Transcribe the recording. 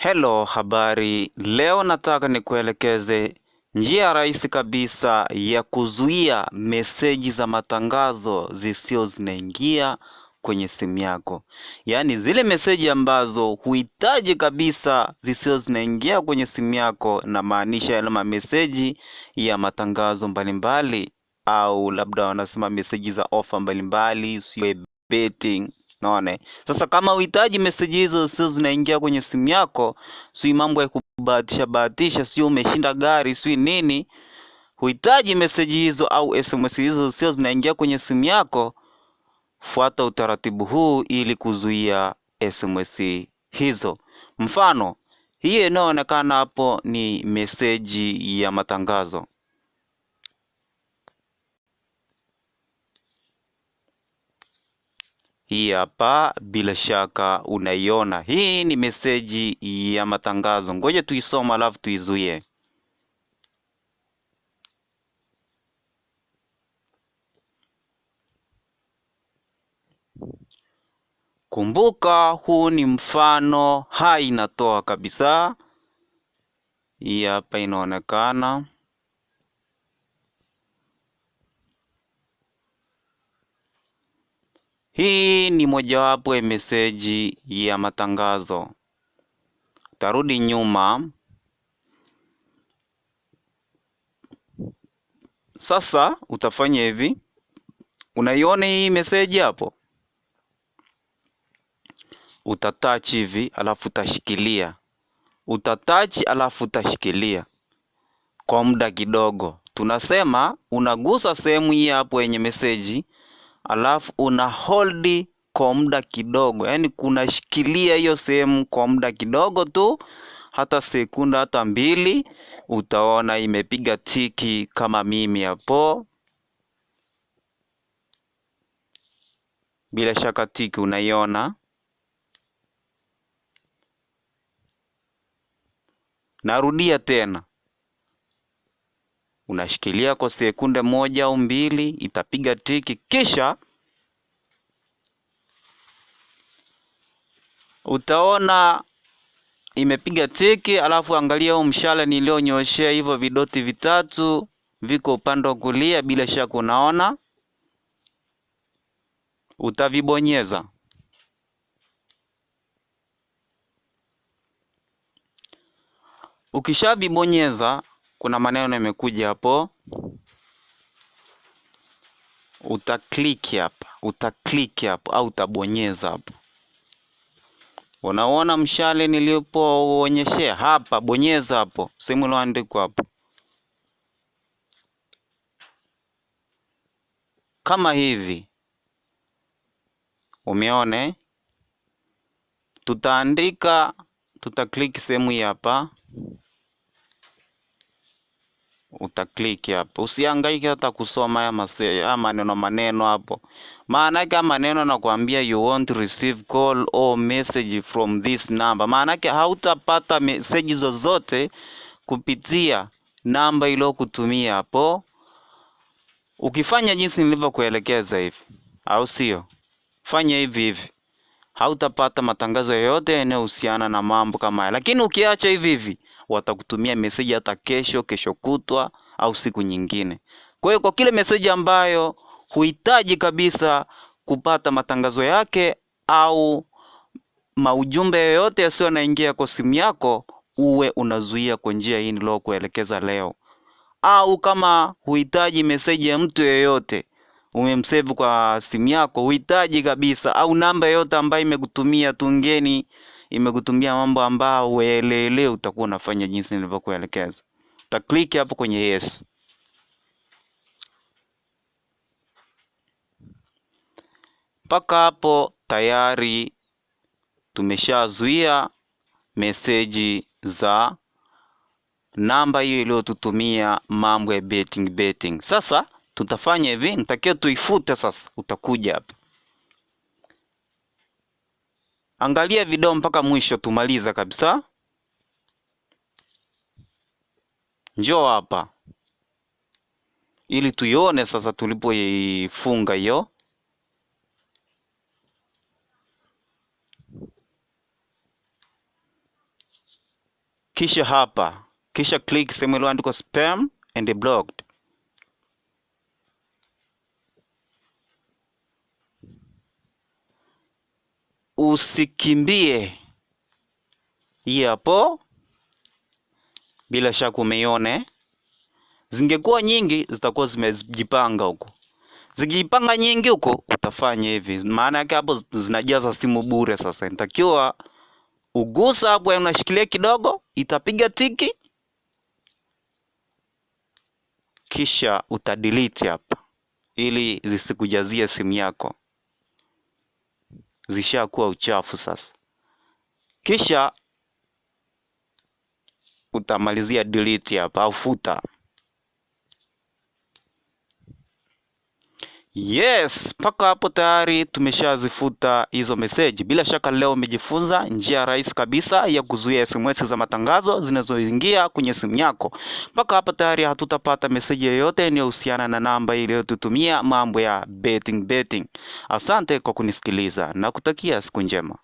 Hello, habari. Leo nataka nikuelekeze njia rahisi kabisa ya kuzuia meseji za matangazo zisio zinaingia kwenye simu yako, yaani zile meseji ambazo huhitaji kabisa zisio zinaingia kwenye simu yako, na maanisha yale mameseji ya matangazo mbalimbali, au labda wanasema meseji za ofa mbalimbali, sio betting naone Sasa kama uhitaji meseji hizo sio zinaingia kwenye simu yako, sio mambo ya kubahatisha bahatisha, sio umeshinda gari, sio nini. Huhitaji meseji hizo au SMS hizo sio zinaingia kwenye simu yako. Fuata utaratibu huu ili kuzuia SMS hizo. Mfano, hiyo inayoonekana hapo ni meseji ya matangazo. hii hapa, bila shaka unaiona. Hii ni meseji ya matangazo, ngoja tuisoma alafu tuizuie. Kumbuka, huu ni mfano hai, inatoa kabisa. Hii hapa inaonekana Hii ni mojawapo ya meseji ya matangazo. Tarudi nyuma. Sasa utafanya hivi, unaiona hii meseji hapo, utatach hivi, alafu utashikilia, utatach alafu utashikilia kwa muda kidogo. Tunasema unagusa sehemu hii hapo yenye meseji alafu una hold kwa muda kidogo, yaani kunashikilia hiyo sehemu kwa muda kidogo tu, hata sekunda hata mbili, utaona imepiga tiki kama mimi hapo. Bila shaka tiki unaiona, narudia tena unashikilia kwa sekunde moja au mbili, itapiga tiki, kisha utaona imepiga tiki, alafu angalia huu mshale nilionyoshea, hivyo vidoti vitatu viko upande wa kulia, bila shaka unaona, utavibonyeza Ukishavibonyeza kuna maneno yamekuja hapo, utakliki hapa, utakliki hapo au utabonyeza hapo. Unaona mshale nilipoonyeshea hapa, bonyeza hapo sehemu ilioandikwa hapo, kama hivi. Umeone, tutaandika, tutakliki sehemu hii hapa utakliki hapo. usiangaike hata kusoma ya mase- ya maneno maneno hapo, Maana yake maneno nakwambia, you won't receive call or message from this number, Maana yake hautapata message zozote kupitia namba ilo kutumia hapo, ukifanya jinsi nilivyokuelekeza hivi, au sio? Fanya hivi hivi, hautapata matangazo yoyote yanayohusiana na mambo kama haya, lakini ukiacha hivi hivi watakutumia meseji hata kesho, kesho kutwa au siku nyingine. Kwa hiyo kwa kile meseji ambayo huhitaji kabisa kupata matangazo yake au maujumbe yoyote yasiyo yanaingia kwa simu yako, uwe unazuia kwa njia hii niliyokuelekeza leo. Au kama huhitaji meseji ya mtu yoyote umemsevu kwa simu yako, huhitaji kabisa, au namba yoyote ambayo imekutumia, tungeni imekutumia mambo ambao uelele utakuwa unafanya jinsi nilivyokuelekeza. Utakliki hapo kwenye yes. Mpaka hapo tayari tumeshazuia meseji za namba hiyo iliyotutumia mambo ya betting betting. Sasa tutafanya hivi, nitakiwa tuifute sasa. Utakuja hapa Angalia video mpaka mwisho, tumaliza kabisa. Njoo hapa ili tuione sasa tulipoifunga hiyo. Kisha hapa, kisha click sehemu iliyoandikwa spam and blocked. usikimbie. Hii hapo bila shaka umeione. Zingekuwa nyingi zitakuwa zimejipanga huko, zikijipanga nyingi huko utafanya hivi. Maana yake hapo zinajaza simu bure. Sasa nitakiwa ugusa hapo, yaani unashikilia kidogo, itapiga tiki, kisha utadelete hapa, ili zisikujazie simu yako zishakuwa uchafu sasa. Kisha utamalizia delete hapa au futa. Yes, mpaka hapo tayari tumeshazifuta hizo meseji. Bila shaka leo umejifunza njia rahisi kabisa ya kuzuia SMS za matangazo zinazoingia kwenye simu yako. Mpaka hapo tayari hatutapata meseji yoyote inayohusiana na namba iliyotutumia mambo ya betting betting. Asante kwa kunisikiliza na kutakia siku njema.